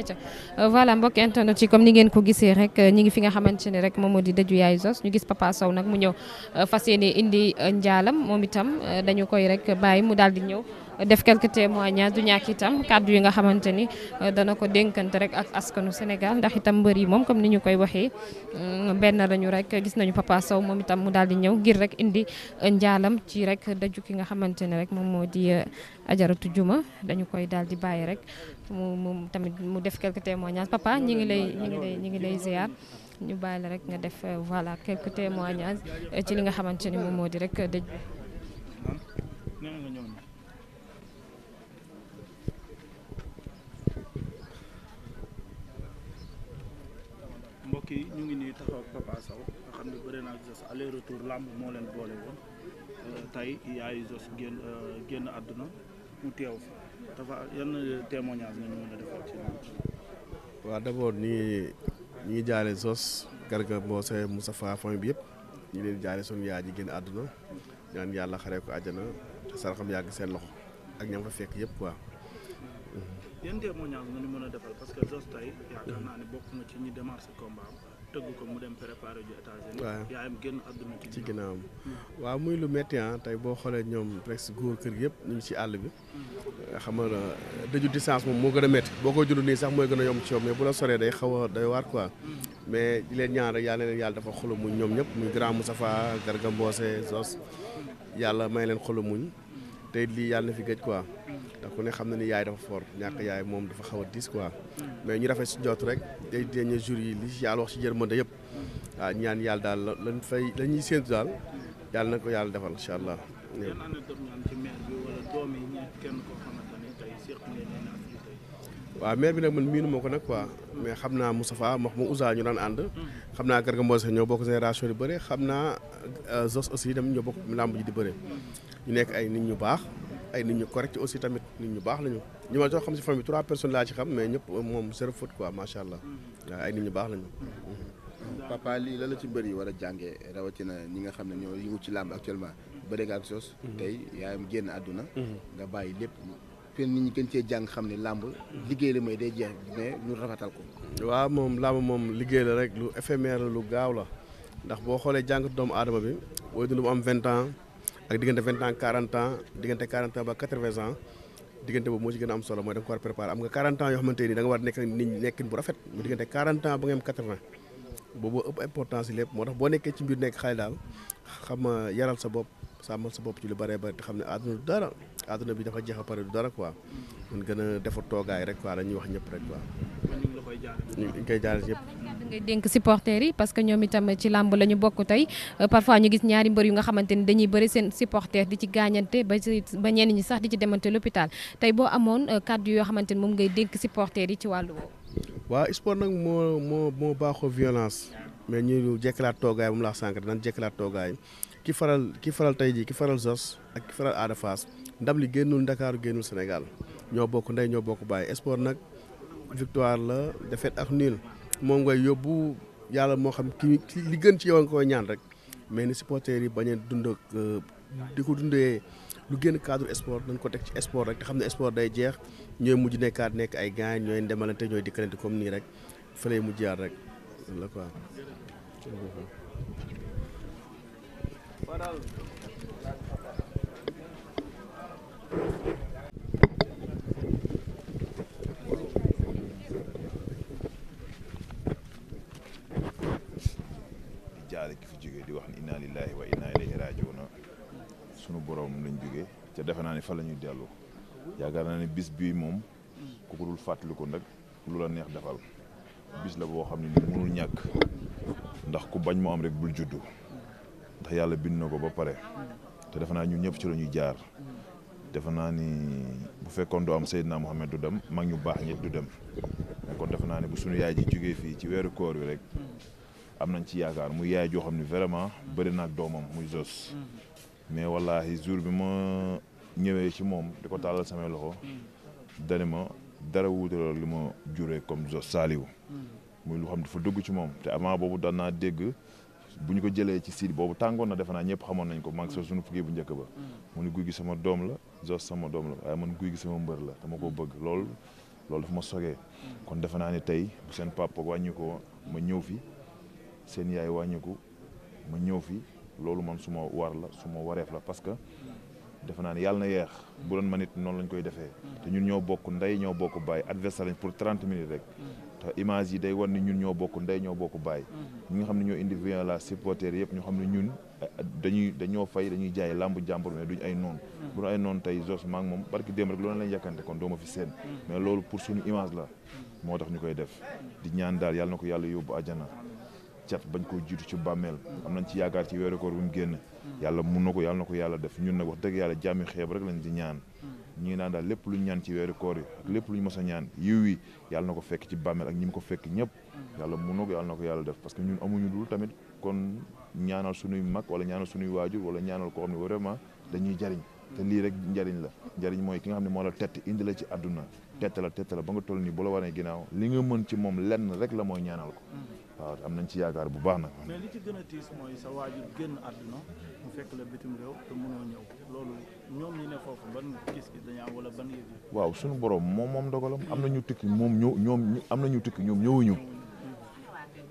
eca euh, voilà mbokk internet yi comme ni ngeen ko gisee rek euh, ñi ngi fi nga xamante ne rek moom moo di dëju yaay Zos ñu gis Papa Sow nag mu ñëw euh, fas yéene indi njaalam moom itam dañu koy rek bàyyi mu daal di ñëw def quelques témoignages du ñàkk itam kàddu yi nga xamante ni euh, dana ko dénkante rek ak askanu Sénégal ndax itam mbër yi moom comme ni ñu koy waxee euh, benn lañu rek gis nañu Papa Sow moom itam mu daal di ñëw ngir rek indi euh, njaalam ci rek daju ki nga xamante ne rek moom moo di ajaratu juma dañu koy daal di bàyyi rek mu mu tamit mu def quelques témoignages papa ñi ngi ngi lay ngi lay ziar ñu bàyyi rek nga def voilà quelques témoignages ci li nga xamante ni moom moo di rek dëj ñuy taxaw Papa Sow nga xam ne bëri naa Zoss aller retour làmb moo leen boole woon euh, tey yaayu Zoss génn euh, génn àdduna mu teew fi dafa yan témoignage nga ñu mën a defal ngi ñu ngi jaale Zoss Garga Mbossé Moustapha famille yëpp ñu leen jaale sunu yaay ji génn àdduna ñaan yàlla xaree ko àjjana saraxam yàgg seen loxo ak ñam fa fekk yëpp waaw. yan témoignage nga ñu parce que Zoss tey yaakaar naa ne bokk ci ñi démarrer combat tëgg mu dem préparer ju États-Unis. waaw yaayam génn àdduna waaw muy lu métti ah tey boo xoolee ñoom presque góor kër yëpp ñu ngi ci àll bi. Mm. xam nga dëju distance moom moo gën a métti boo ko jëlu nii sax mooy gën a yomb ci yow mais bu la soree day xaw a day waar quoi. Mm. mais leen ñaan rek yàlla leen yàlla dafa xolu muñ ñoom ñëpp muy grand Moustapha Garga Mbossé Zos mm. yàlla may leen xolu muñ. tey lii yàlla na fi gëj quoi. te ne xam na ni yaay dafa fort ñàkk yaay moom dafa xaw a diis quoi mm. mais ñu rafet si jot rek day dernier jour yi li yàlla wax si jërmande yëpp waaw ñaan yàlla daal lañ fay la ñuy daal yàlla na ko yàlla defal incha allah. waaw maire bi nag man miinu moo ko nag quoi mais xam naa Moustapha mox ma Ousa ñu daan ànd mm. xam naa Garga Mbossé ñoo bokk génération di bëre xam naa euh, Zos aussi dem ñoo bokk làmb ji di bëre mm. ñu ñu baax aussi tamit nit ñu baax lañu ñu ma soo xam si famille trois personnes laa ci xam mais ñëpp euh, moom zéro faute quoi macha allah mm-hmm. waaw ay nit ñu baax lañu. Mm-hmm. papa lii la la ci mbër yi war a jàngee rawatina ñi nga xam ne ñoo yëngu ci làmb actuellement mm-hmm. ba nga ak sos. tey génn àdduna. nga bàyyi lépp fii nit ñi cee jàng xam ne làmb. liggéey la mooy day jeex mais ñu rafetal ko. waaw moom làmb moom liggéey la rek lu éphémère lu gaaw la ndax boo xoolee jàngatu doomu aadama bi booy dund mu am vingt ans ak diggante vingt ans quarante ans diggante quarante ba quatre-vingts ans. diggante boobu moo ci gën a am solo mooy da nga ko war a préparer am nga 40 ans yoo xamante ni da nga war nekk nit ñi nekkin bu rafet mu diggante 40 ans ba nga am 80 boobu ëpp importance lépp moo tax boo nekkee ci mbir nekk xale daal xam yaral sa bopp sàmmal sa bopp ci lu bëree bëri te xam ne àdduna du dara àdduna bi dafa jeex a pare du dara quoi mun gën a defa toogaay rek quoi dañuy wax ñëpp rek quoi ñu ngi koy jaarale ñëpp ngay dénk supporters yi parce que ñoom itam ci làmb la ñu bokk tey euh, parfois ñu gis ñaari mbër yu nga xamante ni dañuy bëri seen supporters di ci gaañante ba ci ba ñenn ñi sax di ci demante l'hôpital tey boo amoon euh, kàddu yoo xamante ni moom ngay dénk supporters yi ci wàllu woowu. waaw sport nag moo moo moo baaxoo violence mais ñu jekkalaat toogaay bu mu la sànq daan jekkalaat toogaay ki faral ki faral tey jii ki faral Zoss ak ki faral Ada li génnul Ndakaaru génnul Sénégal ñoo bokk ndey ñoo bokk bàyyi sport nag victoire la défaite ak nul moom ngay yóbbu yàlla moo xam ki li gën ci yow nga koy ñaan rek mais ni supporters yi bañ a dund ak euh, di ko dundee lu génn cadre sport dañ ko teg ci sport rek te xam ne sport day jeex ñooy mujj nekkaat nekk ay gaañ ñooy demalante ñooy dikkalante comme nii rek fa lay mujjaat rek la quoi. inna lillahi wa inna ilayhi rajiuna sunu boroom lañ jógee ca defe naa ni fa la ñuy dellu yaakaar naa ne bis bii moom ku ko dul fàttaliku nag lu la neex defal bis la boo xam ne ni mënul ñàkk ndax ku bañ mu am rek bul juddu ndax yàlla bind na ko ba pare te defe naa ñu ñëpp ci la ñuy jaar defe naa ni bu fekkoon doo am naa Mohamed du dem mag ñu baax ñi du dem kon defe naa ne bu suñu yaay ji jógee fii ci weeru koor wi rek am nañ ci yaakaar muy yaay joo xam ne vraiment bëri na ak doomam muy Zoss mais wallahi jour bi ma ñëwee ci moom di ko taalal samay loxo dani ma dara wuutaloo li ma juree comme Zoss Saliou muy lu xam dafa dugg ci moom te avant boobu daan naa dégg bu ñu ko jëlee ci site boobu tàngoon na defe naa ñëpp xamoon nañ ko maag so suñu fukki bu njëkk ba mu guy gi sama doom la Zoss sama doom la waaye man guy gi sama mbër la dama ko bëgg loolu loolu dafa ma sogee kon defe naa ne tey seen papa wàññi ko ma ñëw fi seen yaay wàññiku ma ñëw fi loolu man suma war la su wareef la parce que defe naa ne yàlla na yeex bu doon man it noonu lañ koy defee te ñun ñoo bokk ndey ñoo bokk baay adversaire lañ pour trente minutes rek te image yi day wan ni ñun ñoo bokk ndey ñoo bokk baay ñi nga xam ne ñoo indi la supporter yëpp ñu xam ne ñun eh, dañuy dañoo fay dañuy jaay lamb jàmbur mais duñ ay noonu bu doon ay noonu tey Zoss maa moom barki démb rek loolu lañ yàkkante kon dooma fi seen mais loolu pour suñu image la moo tax ñu koy def di ñaan daal yàlla na ko yàlla yóbbu àjjana cat bañ koo jiitu ci bàmmeel am nañ ci yaakaar ci weeru koor bi mu génn yàlla mun na ko yàlla ko yàlla def ñun nag wax dëgg yàlla jàmmi xeeb rek lañ di ñaan ñu ngi naan daal lépp luñ ñaan ci weeru koor yi ak lépp lu mos a ñaan yiw yi yàlla na ko fekk ci bàmmeel ak ñi mu ko fekk ñëpp yàlla mun na ko yàlla na ko yàlla def parce que ñun amuñu dul tamit kon ñaanal suñuy mag wala ñaanal suñuy waajur wala ñaanal koo xam ne vraiment dañuy jariñ te lii rek njariñ la njariñ mooy ki nga xam ne moo la tett indi la ci àdduna tette la tette la ba nga toll nii bu la waree ginnaaw li nga mën ci moom lenn rek la mooy ñaanal ko. waaw am nañ ci yaakaar bu baax na mais li ci gën a tiis mooy sa waajur génn am wala ban yëg waaw suñu borom moom moom dogalam am na ñu tukki moom ñëw ñoom ñu tukki ñoom ñëwuñu.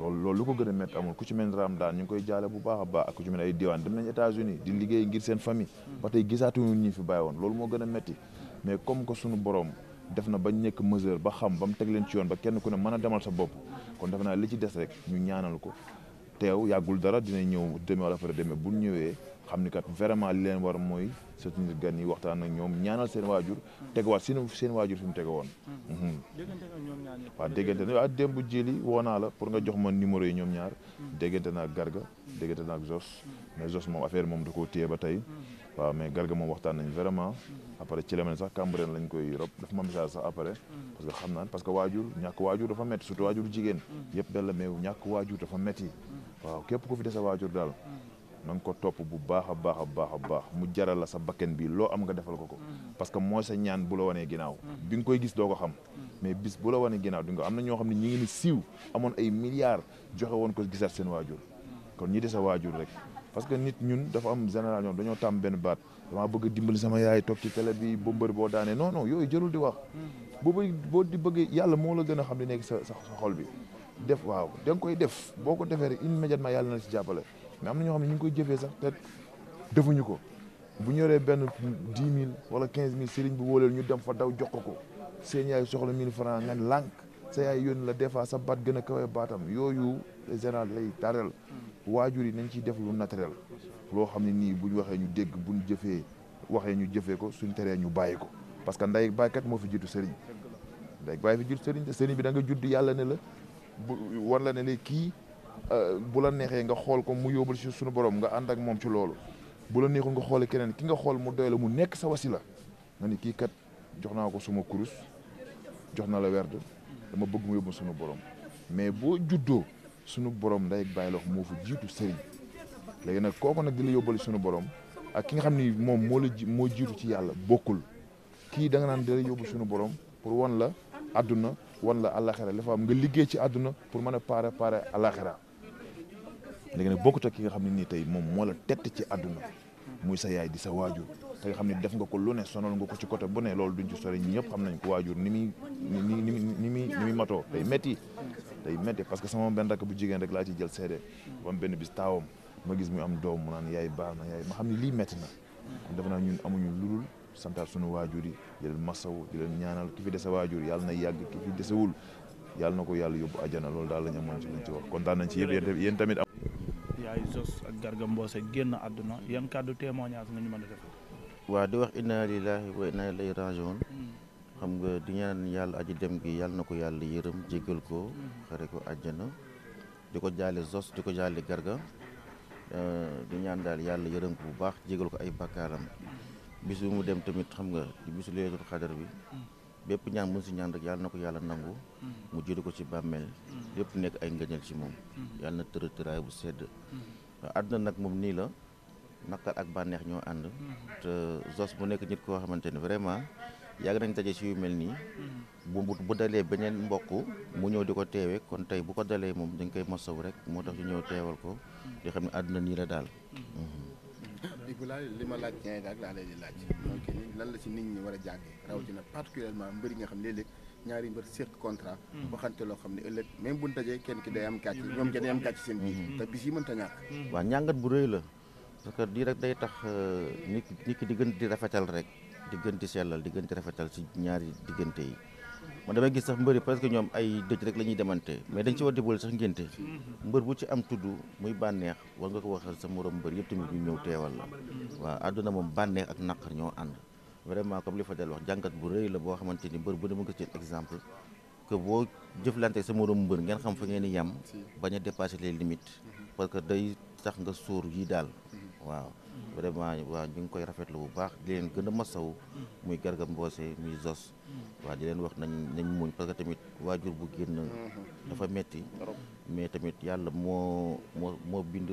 loolu loolu lu ko gën a métti amul ku ci mel raam daan ñu ngi koy jaale bu baax a baax ak ku ci mel ay diwaan dem nañ États-Unis di liggéey ngir seen famille. ba tey gisaatuñu ñu fi bàyyi woon loolu moo gën a métti mais comme que suñu borom def na ba nekk mesure ba xam ba mu teg leen ci yoon ba kenn ku ne mën a demal sa bopp kon def naa li ci des rek ñu ñaanal ko teew yàggul dara dina ñëw demee wala fa demee bu ñëwee xam ni kat vraiment li leen war mooy soutenir gan yi waxtaan ak ñoom ñaanal seen waajur. tegawaat seen seen waajur fi mu tege woon. Mm-hmm. Mm-hmm. déggante na ñoom ñaar waaw déggante na waaw démb woo naa la pour nga jox ma numéro yi ñoom ñaar. Mm-hmm. déggante na ak Garga. déggante na ak Zos. mais Zos moom affaire moom da koo téye ba tey. waaw mais Garga moom waxtaan nañ vraiment après ci la mel sax Cambérène lañ koy rob dafa ma message sax après parce que xam naa parce que waajur ñàkk waajur dafa metti surtout waajur jigéen yëpp dal la ku fi des sa daal nan ko topp bu baax a baax a baax a baax mu jaral la sa bakken bi loo am nga defal ko ko parce que moo sa ñaan bu la wanee ginnaaw bi nga koy gis doo ko xam mais bis bu la wanee ginnaaw di nga am na ñoo xam ne ñi ngi ni siiw amoon ay milliards joxe woon ko gisaat seen waajur kon ñi des waajur rek parce que nit ñun dafa am génération dañoo tàmm benn baat damaa bëgg dimbali sama yaay toog ci télé bi ba mbër boo daanee non non yooyu jërul di wax. Hmm. boo boo di bëgg yàlla moo la gën a xam li nekk sa sa xol bi. def waaw da koy def boo ko defee rek immédiatement yàlla na la ci jàppale mais am na ñoo xam ne ñu ngi koy jëfee sax te defuñu ko bu ñu benn dix mille wala quinze mille sëriñ bu wóoleel ñu dem fa daw jox ko ko seen yaay soxla mille franc nga lànk sa yaay yónni la des fois sa baat gën a kawe baatam yooyu général lay taral hmm. waajur yi nañ ciy def lu naturel loo xam ne nii buñ waxee ñu dégg buñ jëfee waxee ñu jëfee ko suñ teree ñu bàyyi ko parce que nday baykat moo fi jiitu sëriñ nday bàyyi fi jiitu sëriñ te sëriñ bi da nga judd yàlla ne la bu war la ne la kii euh, bu la neexee nga xool ko mu yóbbul si suñu borom nga ànd ak moom ci loolu bu la neexul nga xoole keneen ki nga xool mu doy la mu nekk sa la nga ni kii kat jox naa ko suma kurus jox na la werd dama bëgg mu yóbbu suñu borom mais boo juddoo sunu borom ndey ak bàyyi lox moo fa jiitu sëriñ léegi nag kooku nag di la yóbbal sunu borom ak ki nga xam ni moom moo la ji moo jiitu ci yàlla bokkul kii da nga naan di la yóbbu borom pour wan la àdduna wan la àllaxira dafa am nga liggéey ci àdduna pour mën a pare pare àllaxira léegi nag ki nga xam ne tey moom moo la tett ci àdduna muy sa yaay di sa waajur te nga xam ne def nga ko lu ne sonal nga ko ci côté bu ne loolu duñ ci sori ñëpp xam nañ ko waajur ni muy ni ni ni muy ni muy matoo tey métti day métti parce que sama benn benn bis ma gis muy am doom mu naan yaay baax na yaay ma xam ne lii métti na am dafa ñun amuñu lulul santaat sunu waajur yi di na yàgg ki fi desewul yàlla na ko yàlla yóbbu àjjana loolu daal lañ amoon ci luñ ci wax kontaan nañ ci yëpp yéen tamit am yaay Zoss ak Garga Mbossé génn àdduna yan kàddu nga ñu mën a waa di wax inna lillahi wa inna ilayhi rajiun xam nga di ñaan yàlla aji dem gi yàlla na ko yàlla yërëm jégal ko xare ko àjjana di ko jaale Zos di ko jaale Garga euh, di ñaan daal yàlla yërëm bu baax jégal ko ay bakkaaram bis bi mu dem tamit xam nga di bisu Laylatul bi bépp ñaan bu si ñaan rek yàlla na ko yàlla nangu mu jëlee ko ci bàmmeel lépp nekk ay ngëneel ci moom yàlla na tërë tëraay bu sedd waaw àdduna nag moom nii la naqar ak bànneex ñoo ànd te Zos bu nekk nit koo xamante ne vraiment yàgg nañ daje si yu mel nii mm-hmm. bu bu dalee beneen mbokk mu ñëw di ko teewee kon tey bu ko dalee moom dañ koy mosaw rek moo tax ñu ñëw teewal ko di mm-hmm. xam àdduna nii la daal mm-hmm. Ibulaay li ma laaj ñaari daal laa lay di laaj lan la ci nit ñi war a jàngee rawatina particulièrement mbër yi nga xam ne léeg-léeg ñaari mbër seq contrat loo xam ne ëllëg même bu ñu kenn ki day am gàcc ñoom dañuy am gàcc seen biir te bis yi mënta ñàkk waa ñàngat bu rëy la parce que rek day tax euh, nit nit ki di gën di rafetal rek diggante gën di sellal di rafetal si ñaari diggante yi man damay gis sax mbëri parce que ñoom ay dëj rek la ñuy demante mais dañ si war di boole sax ngénte mbër bu ci am tudd muy bànneex war nga ko waxal sa morom mbër yëpp tamit ñu ñëw teewal la waaw àdduna moom bànneex ak naqar ñoo ànd vraiment comme li fa del wax jàngat bu rëy la boo xamante ni mbër bu ne mën nga jël exemple que boo jëflante sa morom mbër ngeen xam fa ngeen di yem bañ a dépasser les limites parce que day tax nga sóor yi daal vraiment waa ñu ngi koy rafetlu bu baax di leen gën a masaw mm. muy Garga mboose muy Zos mm. waaw di leen wax nañ nañ muñ parce que tamit waajur bu génn mm-hmm. dafa metti mais tamit yàlla moo moo moo bind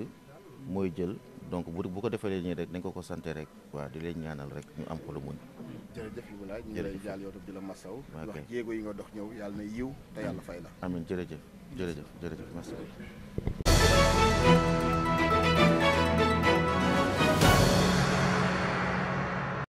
mooy jël donc bu bu ko defalee nii rek dañ ko ko sante rek waaw di leen ñaanal rek ñu am ko lu muñ jëf yu laaj ñu ngi lay jaal yow tam di la jéego yi nga dox ñëw yàlla na yiw te yàlla fay la amiin jërëjëf jërëjëf jërëjëf merci